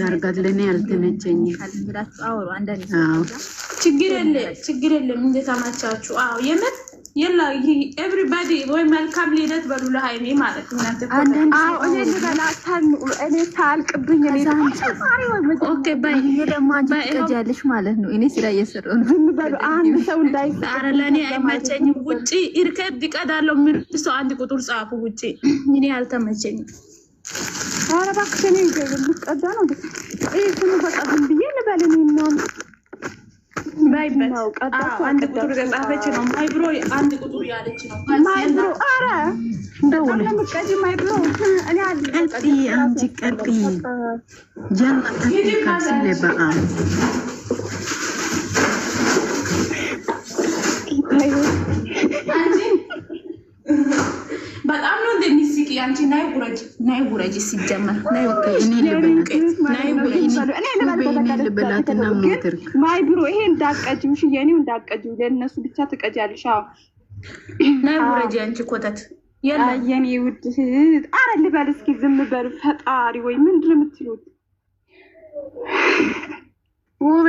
ላርጋት ለእኔ ችግር የለ ችግር የለም። እንዴት አማቻችሁ? አዎ የምር የላ ኤቭሪባዲ ወይ መልካም ልደት በሉ ለሀይሜ ማለት እናንተ ማለት ነው። እኔ ስራ እየሰራ ነው። ለእኔ አይመቸኝም። ውጭ ይርከብ ቢቀዳለው የሚል ሰው አንድ ቁጥር ጻፉ። ውጭ እኔ አልተመቸኝም። ኧረ እባክሽ እኔ ልቀዳ ነው ይህ ስሙ በቃ ዝም ብዬ ልበል እኔ ምናምን ባይበት አንድ ቁጥር የጻፈች ነው ማይብሮ አንድ ቁጥር ያለች ነው ማይብሮ ኧረ እንደውለምቀጂ ማይብሮ ቀጢ አንቺ ቀጢ ጀና ቀጢ በአ ናይ ጉረጅ ሲጀመር ናይ ልበላትና ሞትርክ ማይ ብሮ ይሄ እንዳቀጅው ሽየኔው እንዳቀጅ ለእነሱ ብቻ ትቀጃለሽ። ናይ ጉረጅ አንቺ ኮተት የኔ ውድ አረ ልበል እስኪ ዝም በል ፈጣሪ ወይ ምንድን የምትሉት ውቤ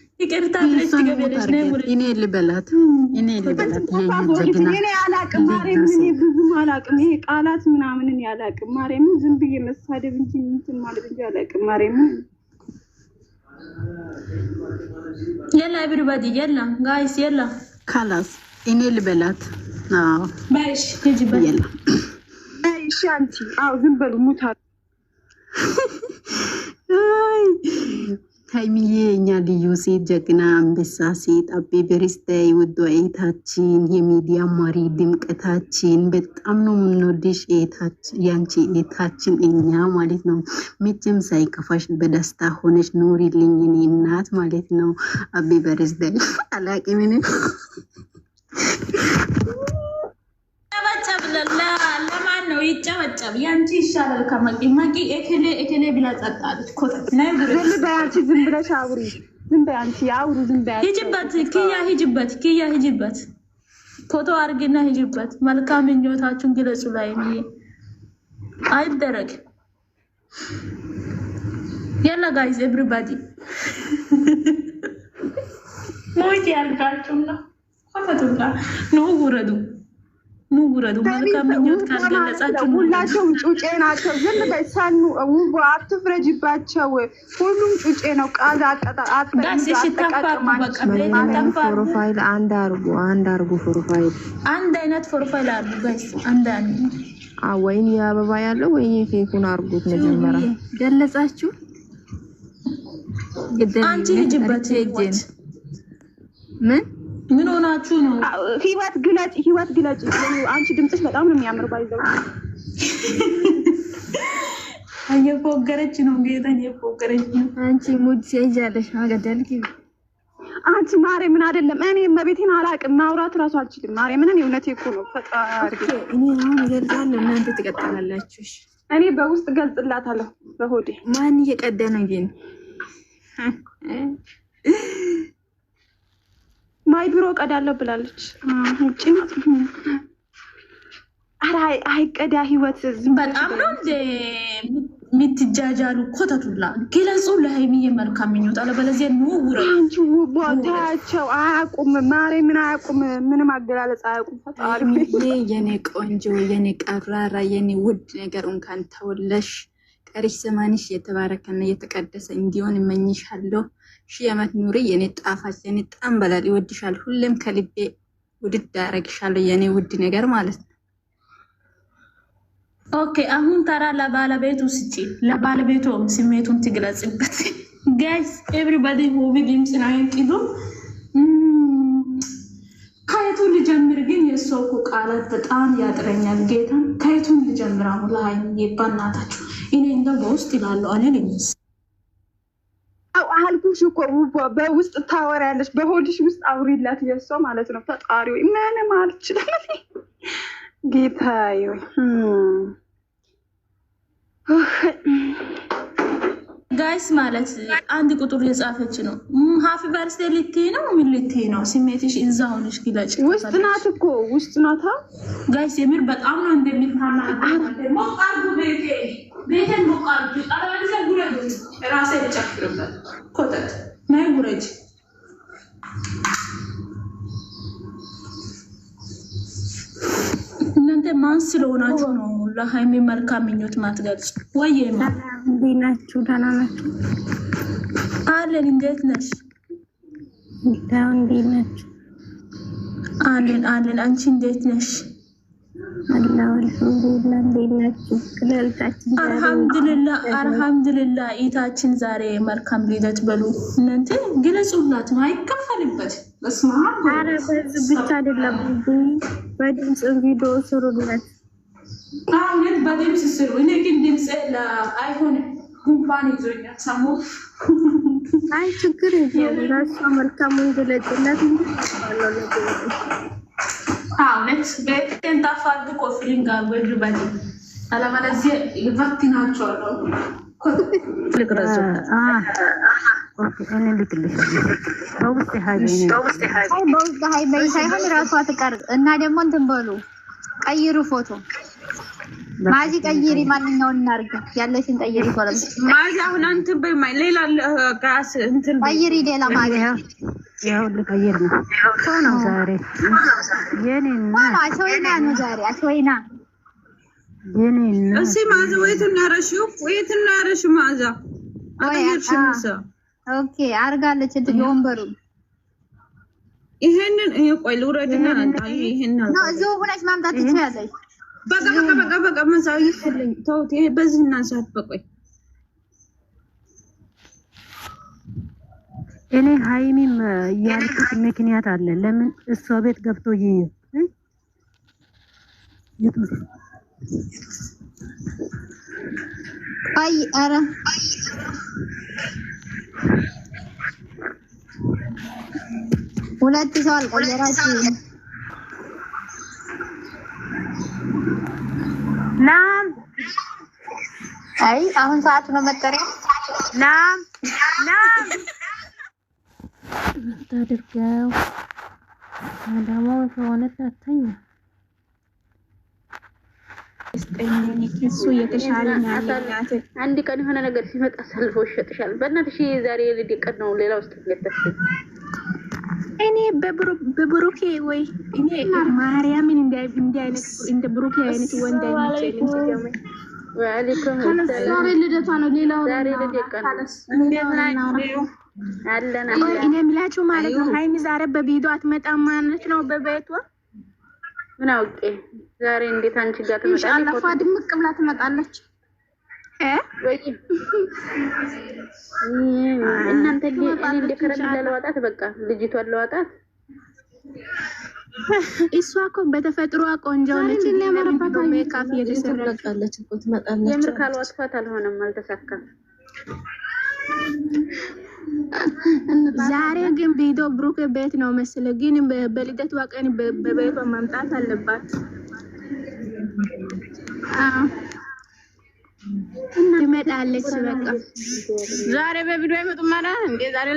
ይቅርታ እኔ ልበላት እኔ አላቅም ማርያም፣ እኔ ብዙም አላቅም። ይሄ ቃላት ምናምንን ያላቅም ማርያም፣ ዝም ብዬ መሳደብ እንጂ እንትን ማለት እንጂ አላቅም ማርያም። የላ ኤብሪባዲ የላ ጋይስ የላ ካላስ እኔ ልበላት በሽ ጅበላ እሺ፣ አንቲ አዎ፣ ዝም በሉ ሙታ ሀይሚዬ እኛ ልዩ ሴት፣ ጀግና አንበሳ ሴት፣ አቤ በርዝዴይ ውዷ እህታችን፣ የሚዲያ ማሪ ድምቀታችን፣ በጣም ነው የምንወድሽ ያንቺ እህታችን እኛ ማለት ነው። መቼም ሳይከፋሽ በደስታ ሆነች ኑሪልኝ የኔ እናት ማለት ነው። አቤ አላቂ ምንም ለማን ነው ይጨበጨብ? ያንቺ ይሻላል ከመቂ መቂ ኤክሌ ኤክሌ ብላ ጸጣለች። ዝም ብለሽ አውሪ፣ ዝም በያንቺ አውሪ፣ ዝም በያንቺ ሂጅበት፣ ክያ ሂጅበት፣ ኪያ ሂጅበት፣ ፎቶ አድርጊና ሂጅበት። መልካም ምኞታችሁን ግለጹ። ላይ አይደረግ የለ ጋይዝ ኤብሪባዲ ሞት ያልጋችሁ ነው። ኮተቱላ ውረዱ ንጉረዱ መልካምኞት ካልገለጻችሁ ሁላቸውም ጩጬ ናቸው። ዝም በይ ሰኑ ውቦ አትፍረጅባቸው። ሁሉም ጩጬ ነው። ቃዝ ፕሮፋይል አንድ አርጉ፣ አንድ አርጉ። ፕሮፋይል አንድ አይነት ፕሮፋይል አርጉ ጋይስ። አንድ ወይም የአበባ ያለው ወይ ፌኩን አርጉት። መጀመሪያ ገለጻችሁ አንቺ ልጅበት ምን ምን ሆናችሁ ነው? ህይወት ግለጭ፣ ህይወት ግለጭ። አንቺ ድምፅሽ በጣም ነው የሚያምር። ባይዘው እየፎገረች ነው ጌታ፣ እየፎገረች ነው። አንቺ ሙድ ሲያያለሽ ማገደል አንቺ ማሬ ምን አይደለም። እኔ መቤቴን አላውቅም፣ ማውራት እራሱ አልችልም። ማሬ ምን እኔ እውነቴ እኮ ነው። ፈጣሪ እኔ አሁን እገልጻለሁ፣ እናንተ ትቀጥላላችሁ። እኔ በውስጥ እገልጽላታለሁ በሆዴ። ማን እየቀደነ ግን ማይ ቢሮ እቀዳለሁ ብላለች። ውጭ አይቀዳ ህይወት በጣም ነው እንደ የምትጃጃሉ ኮተቱላ ግለጹ። ለሀይሚዬ መልካም ምኞት አለበለዚያ አያቁም አያውቁም። ምን አያቁም ምንም አገላለጽ አያቁም። ፈጣሪ የኔ ቆንጆ፣ የኔ ቀራራ፣ የኔ ውድ ነገር እንኳን ተወለሽ ቀሪሽ ዘማንሽ የተባረከና የተቀደሰ እንዲሆን እመኝሻለሁ። ሺህ ዓመት ኑሪ የኔ ጣፋጭ፣ የኔ ጣም በላል። ይወድሻል። ሁሌም ከልቤ ውድድ አረግሻለሁ የኔ ውድ ነገር ማለት ነው። ኦኬ አሁን ተራ ለባለቤቱ ስጪ። ለባለቤቱ ስሜቱን ትግለጽበት። ጋይስ ኤቭሪባዲ ሙቪ ጌምስ ናይን ቂዱ ከየቱን ልጀምር ግን የእሷ እኮ ቃላት በጣም ያጥረኛል። ጌታን ከየቱን ልጀምር? አሁን ለሀይሚዬ በእናታችሁ እኔ እንደው በውስጥ ይላሉ አለን አልኩሽ እኮ በውስጥ ታወሪያለሽ። በሆድሽ ውስጥ አውሪላት የእሷ ማለት ነው። ፈጣሪ ወይ ምንም አልችልም። ጌታዬ ወይ ጋይስ ማለት አንድ ቁጥር የጻፈች ነው። ሀፊ በርስ ልቴ ነው ምን ልቴ ነው? ስሜትሽ እዛ ሆነሽ ግለጭ። ውስጥ ናት እኮ ውስጥ ናታ። ጋይስ የምር በጣም ነው እንደሚታና ሞቃርጉ ቤቴ ቤቴን ሞቃርጉ አለበለዚያ ጉረጅ ራሴ ተጨፍርበት ኮተት ናይ ጉረጅ እናንተ ማን ስለሆናችሁ ነው? ለሀይሚ መልካም ምኞት ማትገልጽ ወይ ናችሁ? ደህና ናችሁ አለን። እንዴት ነሽ? እንዴት ናችሁ አለን አለን። አንቺ እንዴት ነሽ? አልሐምዱሊላህ አልሐምዱሊላህ። ኢታችን ዛሬ መልካም ልደት በሉ እናንተ ግለጹላት። ነው አይከፈልበት። በስመ አብ ብቻ አይደለም በድምፅ ቪዲዮ ስሩለት አንገት በድምፅ ስሩ። እኔ ግን ድምፅ አይሆንም፣ ጉንፋን ይዞኛል። ሰሙ አይ ችግር የለውም። መልካሙን ግለጭለት እውነት ቤቴን ታፋድ ቆፍሪን ጋር ወድበል አለበለዚያ ይበትናቸዋለሁ። በውስጥ ሀይበይ ሳይሆን ራሷ ትቀር እና ደግሞ እንትን በሉ ቀይሩ ፎቶ ማዚ ቀይሪ፣ ማንኛውን እናድርግ ያለሽን ቀይሪ። ማዚ አሁን እንትን በይ፣ ሌላ ጋስ እንትን ቀይሪ፣ ሌላ ማዚ ይሁን ልቀይር ነው። ሰው ነው ዛሬ የኔና አሸወይና ነው ዛሬ አሸወይና የኔና። እሺ ማዛ ወይት እናረሽው፣ ወይት እናረሽ ማዛ አገርሽም ሰው ኦኬ አርጋለች እንትን የወንበሩን ይሄንን እየቆይ ልውረድና ይሄንን ነው እዚሁ ሁነሽ ማምጣት ትችያለሽ። በቃ በቃ በቃ በቃ መዛው ተውት። ይሄ በዚህ እናንሳት። በቆይ እኔ ሀይሚም ያልኩት ምክንያት አለ። ለምን እሷ ቤት ገብቶ ይይ አይ አረ ሁለት ሰው አልቆየራችሁም አይ አሁን ሰዓቱ ነው መጠሪያ። ና ና ታድርገው አዳማው ከሆነ ታተኛ እሱ የተሻለ አንድ ቀን የሆነ ነገር ሲመጣ ሰልፎ ይሸጥሻል። በእናትሽ ዛሬ ልድ ቀን ነው። ሌላ ውስጥ ገጠፍኩኝ እኔ በብሩኬ ወይ እኔ ማርያምን እንደ ብሩኬ አይነት ወንድ አይነት ወአለይኩም ሰላም። ልደቷ ነው። ሌላው እኔ የምላችሁ ማለት ነው ሀይሚ ዛሬ በቤቷ አትመጣም ማለት ነው። በቤቷ ምን አውቄ ዛሬ እንዴት አንቺ ጋር ትመጣለች? ድምቅ ብላ ትመጣለች። እናንተ እንደከረም ለለዋጣት በቃ ልጅቷን ለዋጣት እሷ እኮ በተፈጥሮ ቆንጆ ነች። ሜካፕ እየተሰራቃለች እኮ ትመጣለች። የምር ካልዋስኳት አልሆነም፣ አልተሳካም። ዛሬ ግን ቪዲዮ ብሩክ ቤት ነው መስለ፣ ግን በልደት ቀን በቤቷ መምጣት አለባት። ትመጣለች። በቃ ዛሬ በቪዲዮ አይመጡም እንዴ? ዛሬ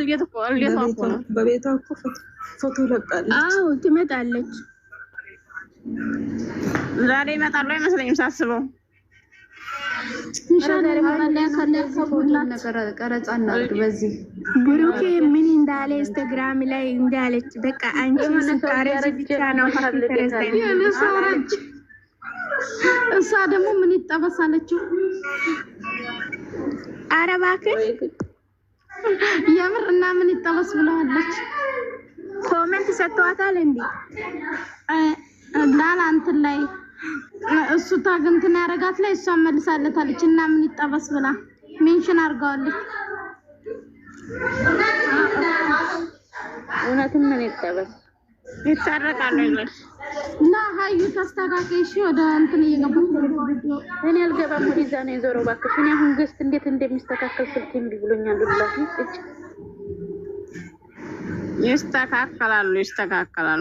እኮ በቤቷ እኮ ፎቶ ለቃለች። አዎ ትመጣለች። ዛሬ ይመጣሉ አይመስለኝም ሳስበው። ብሩኬ ምን እንዳለ ኢንስታግራም ላይ እንዳለች በቃ አንቺ ስታረጅ ብቻ ነው እሷ ደግሞ ምን ይጠበሳለችው? ኧረ እባክህ የምር እና ምን ይጠበስ ብለዋለች። ኮሜንት ሰጥተዋታል እንዴ? ዳላ እንትን ላይ እሱ ታግ እንትን ያደረጋት ላይ እሷ መልሳለታለች። እና ምን ይጠበስ ብላ ሜንሽን አድርገዋለች። እውነትም ምን ይጠበስ ይታረቃሉ። ሀዩ ተስተካከይ። እሺ ወደ እንትን እየገባሁ እኔ አልገባም። ወደ ነው የዞረው። እባክሽ እኔ አሁን ገስት እንዴት እንደሚስተካከል ስልክ እምቢ ብሎኛል። ይስተካከላሉ፣ ይስተካከላሉ።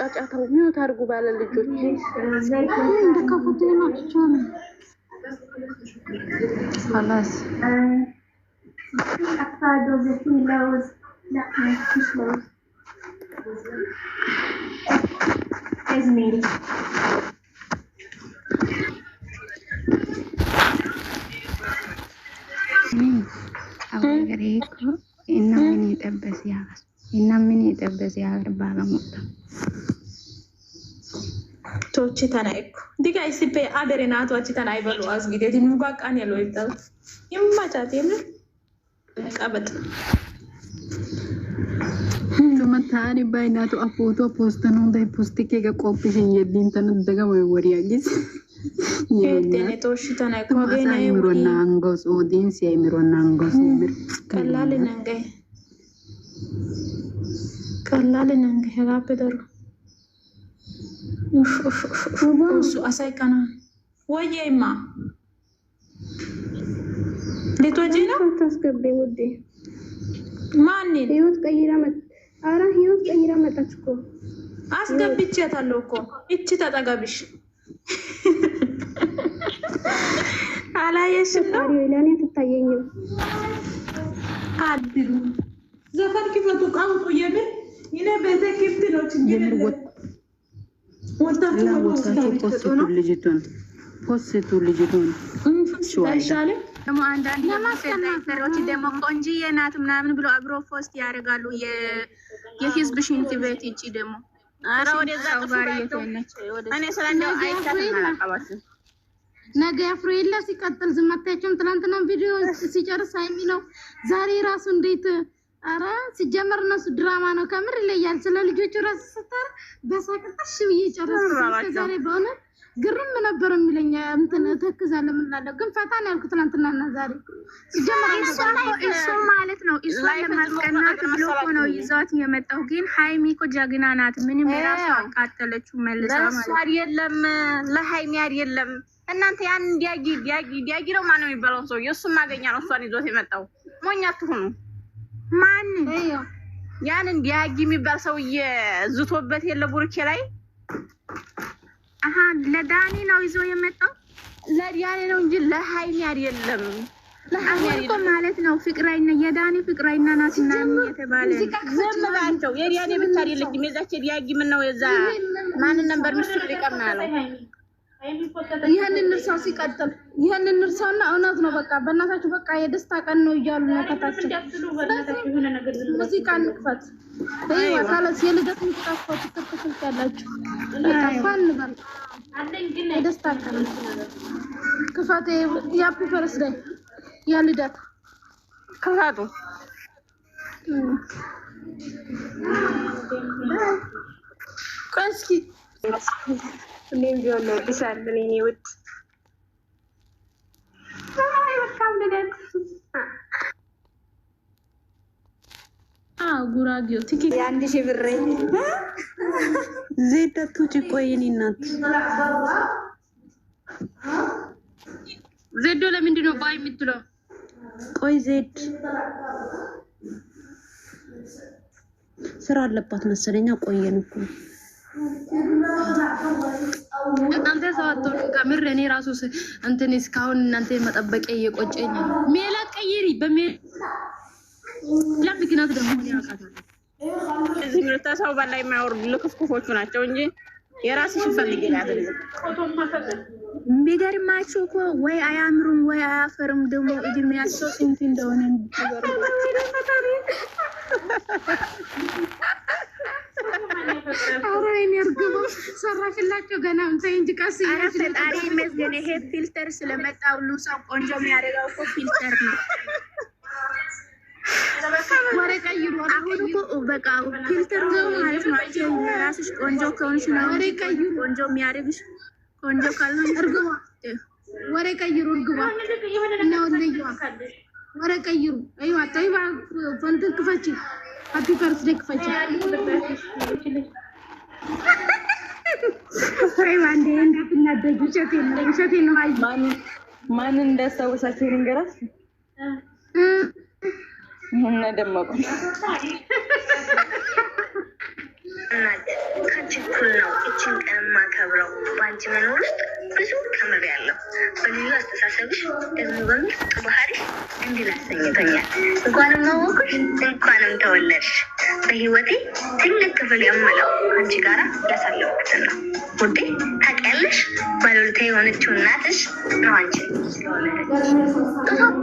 ጫጫታው ሚውት አድርጉ ባለ ልጆች እንደከፉት ናቸው። ምን አገሬ እኮ እና ምን የጠበስ ያስ እና ምን የጠበዘ ሀገር ባለሞታ ቶች ተናይኩ እኮ ዲጋ ኢሲፔ አደሬ ናቶች ተናይ በሉ አስጊዴ ዲኑ ቃን ያለው ይብጣል ይማቻት የምር ቀበጥ ታሪ ባይናቱ አፎቶ ፖስት ነው እንዳይ ፖስት ከገ ቆፕሽ የዲንተን ደገመ ወሪያ ጊዜ ኮገ ኮገና ምሮና አንጎስ ኦዲንስ የምሮና አንጎስ ምር ቀላል ነንገይ ቀላልን እንግሄላ በደሩ እሱ አሳይቀና ወየማ ልትወጪ ነው ታስገቤ ውዴ ማንን ህይወት ቀይራ መ አረ ህይወት ቀይራ መጣች እኮ አስገብቼታለሁ እኮ እቺ ተጠገብሽ አላየሽም ነው ለእኔ ትታየኝም አድሩ ዘፈን ክፈቱ፣ ቃውጡ። የምን ይነ ቤተ ክፍት ነው። ችግር ልጅቱን ፖስቱ ልጅቱን ደግሞ አንዳንድ ሰሪዎች ደግሞ ቆንጅዬ ናት ምናምን ብሎ አብሮ ፖስት ያደርጋሉ። የህዝብ ሽንት ቤት ይቺ ደግሞ ነገ አፍሮላ ሲቀጥል ዝመታቸውም ትናንትና ቪዲዮ ሲጨርስ አይሚ ነው ዛሬ ራሱ እንዴት አረ ሲጀመር እነሱ ድራማ ነው። ከምር ይለያል። ስለ ልጆቹ ራስ ስታር በሳቅጣሽ ብዬ ጨረስኩ። ዛሬ ግርም ነበር የሚለኝ እንትን እተክዛለሁ የምንላለው ግን ፈታ ነው ያልኩት እና ዛሬ እሱ ማለት ነው። እሱ ለማስቀናት ብሎ ነው ይዟት የመጣው። ግን ሀይሚ እኮ ጀግና ናት። ምንም የራሱ አቃጠለችው መልሳ ማለት የለም ለሀይሚ የለም። እናንተ ያን ዲያጊ ዲያጊ ዲያጊ ነው ማነው የሚባለው ሰው የእሱም ማገኛ ነው እሷን ይዞት የመጣው ሞኛት ሁኑ ማን ያን ያንን ያጊ የሚባል ሰውዬ ዝቶበት የለ ቡርኬ ላይ አሀ፣ ለዳኒ ነው ይዞ የመጣው ለዳኒ ነው እንጂ ለሀይኒ አይደለም። አሁንኮ ማለት ነው ፍቅረኛ የዳኒ ፍቅረኛ ናት ምናምን የተባለ ዝም ባቸው። የዳኒ ብቻ አይደለችም የዛች ዲያጊ ምን ነው የዛ ማንን ነበር ምስሉ ሊቀምናለው ይህንን እርሳው ሲቀጥል ይህንን እርሳውና እውነት ነው። በቃ በእናታችሁ በቃ የደስታ ቀን ነው እያሉ ነው ከታችን። ሙዚቃ እንክፈት ካለት የልደት ሙዚቃ ክፈት። ትክክል ያላችሁ ፋን በል የደስታ ቀን ክፈት። የሀፒ ፈረስ ዳይ የልደት ክፈቱ። ቆይ እስኪ ሁሌም ቢሆን ነው እልሻለሁ የእኔ ውድ መልካም ልደት። ጉራጌው ትኬት የአንድ ሺህ ብር ዜዳቱ ቆይ የእኔ እናት ዜዶ ለምንድን ነው ባይ የምትለው? ቆይ ዜድ ስራ አለባት መሰለኛ። ቆየን እኮ እናንተ ሰው አትሆኑ። ከምር እኔ ራሱ እንትን እስካሁን እናንተ መጠበቅ እየቆጨኝ ሜላ ቀይሪ በሜላ ምክንያት ደግሞ እዚህ ሰው በላይ የማያወርዱ ልክፍክፎቹ ናቸው እንጂ የራስሽ ፈልግ ቢገርማችሁ እኮ ወይ አያምሩም ወይ አያፈርም። ደግሞ እድሜያቸው ስንት እንደሆነ ኧረ የእኔ እርግብ ሰራሽላቸው ገና እንታይ እንጂ ቀስ እያልሽ ፈጣሪ ይመስገን። ይሄ ፊልተር ስለመጣ ሁሉ ሰው ቆንጆ የሚያደርገው እኮ ፊልተር ነው። አሁን እኮ በቃ ፊልተር ማለት ናቸው። ራስሽ ቆንጆ ከሆንሽ ነው ቆንጆ የሚያደርግሽ። ቆንጆ ካልሆንሽ እርግቧ ወሬ ቀይሩ። እርግቧ እና ወለየዋ ወሬ ቀይሩ። ይዋ ተይዋ ፈንትን ክፈች ሃፒ በርዝ ዴይ ክፈች እንዳትናደጅ። ውሸቴን ነው ውሸቴን ነው። ማንን እንዳስታወሳችሁ ልንገራት እና ደመቁ ከችኩል ነው። እችን ቀን የማከብረው በአንቺ መኖር ውስጥ ብዙ ትምህር ያለው በልዩ አስተሳሰብሽ ደግሞ በሚል ጥሩ ባህሪሽ አሰኝቶኛል። እንኳንም አወኩሽ፣ እንኳንም ተወለድሽ። በህይወቴ ትልቅ ክፍል የምለው አንቺ ጋራ ያሳለፍኩትን ነው ውዴ። ታውቂያለሽ፣ ባለውለታ የሆነችው እናትሽ ነው አንቺ ስለሆነ